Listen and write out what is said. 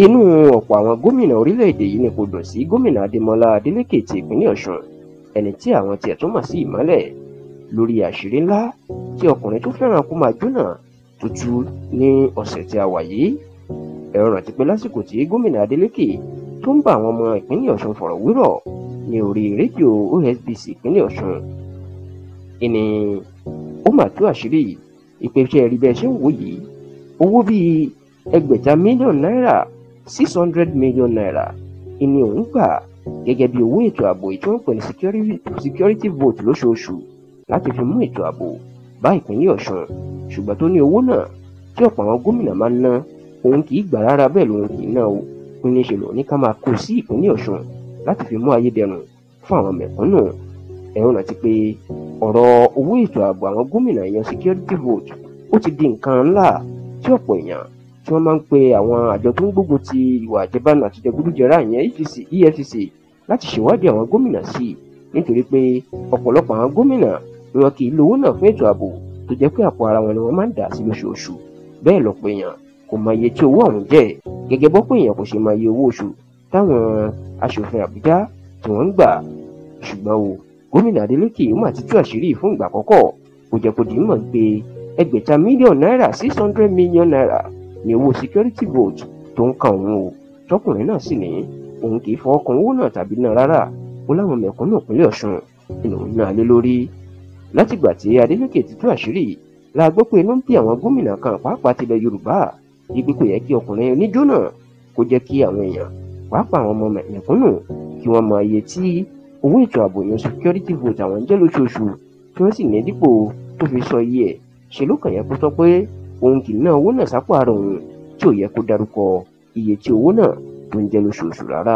inú ọ̀pọ̀ àwọn gómìnà orílẹ̀-èdè yìí ni kò dùn sí gómìnà adémọlá adélèké ti ìpínlẹ̀ ọ̀ṣun ẹni tí àwọn tiẹ̀ tún mọ̀ sí ìmọ́lẹ̀ lórí àṣírí ńlá tí ọkùnrin tó fẹ́ràn kó máa jóná tuntun ní ọ̀sẹ̀ tí a wà yìí ẹ̀rọ rántí pé lásìkò tí gómìnà adélèké tó ń bá àwọn ọmọ ìpínlẹ̀ ọ̀ṣun fọ̀rọ̀wérọ̀ ní orí rédíò osbc ìpínlẹ̀ ọ̀ṣun ìní ó mà tú àṣírí ìpèsè ẹ̀rí bẹ́ẹ̀ ṣe ń wò yìí owó bíi ẹgbẹ̀ta mílíọ̀nù náírà six hundred million naira ìní òun gbà gẹ́gẹ́ bí owó ètò ààbò èyí tí wọ́n ń pè ní security vote lóṣooṣù láti fi mú ètò ààbò bá ìpínlẹ̀ Ọ̀ṣun ṣùgbọ́n tó ní owó náà tí ọ̀pọ̀ àwọn gómìnà máa ń ná òun kì í gbà rárá bẹ́ẹ̀ lòun kì í ná o ó ní ṣe lòun ní ká máa kó sí ìpínlẹ̀ Ọ̀ṣun láti fi mú ayédẹrùn fún àwọn mẹ̀kúnnù ẹ̀rùn àti pé ọ̀rọ̀ owó ètò ààbò àwọn gómìnà èèyàn security vote ó ti di nǹkan ńlá tí ọ̀pọ̀ èèyàn tí wọ́n máa ń pe àwọn àjọ tó ń gbógun ti ìwà àjẹbánu àti jẹgúdújẹrá ìyẹn EFCC EFCC láti ṣèwádìí àwọn gómìnà sí i nítorí pé ọ̀pọ̀lọpọ̀ àwọn gómìnà ni wọn kì í lo owó náà fún ètò ààbò tó jẹ́ pé àpò ara wọn ni wọ́n máa ń dà sí lóṣooṣù bẹ́ẹ̀ lọ́pọ̀ èèyàn kò mọ iye tí owó ọ̀hún jẹ́ gẹ́gẹ́ bọ́pọ̀ èèyàn kò ṣe mọ iye owó oṣù táwọn aṣòfin Àbújá tí wọ́n ń gbà ṣùgbọ́n o gómìnà Adeleke yìí mà ti tú àṣírí fún ìgbà àkọ́kọ́ kò jẹ́ kó dì í mọ̀ pé ẹgbẹ̀ta mílíọ̀nù náírà six hundred million naira ni owó security vote tó ń kan òun o tọkùnrin náà sì ní òun kì í fọwọ́ kan owó náà tàbí náà rárá ó láwọn mẹ̀kúnnù ìpínlẹ̀ ọ̀ṣun ìlú náà lé lórí látìgbà tí adeleke ti tú àṣírí la gbọ́ pé inú ń bí àwọn gómìnà kan pàápàá tilẹ̀ yorùbá ibi kò yẹ kí ọkùnrin oníjó náà kó jẹ́ kí àwọn èèyàn pàápàá àwọn ọmọ mẹ̀kúnnù kí wọ́n mọ iye tí owó ètò ààbò yan security vote àwọn ń jẹ́ lóṣooṣù tí wọ́n sì ní dípò tó fi sọ iye ẹ̀ ṣe ló kàn yẹ kó sọ pé òun kì í ná owó náà sápò ara òun tí ò yẹ kó dárúkọ iye tí owó náà tó ń jẹ́ lóṣooṣù rárá.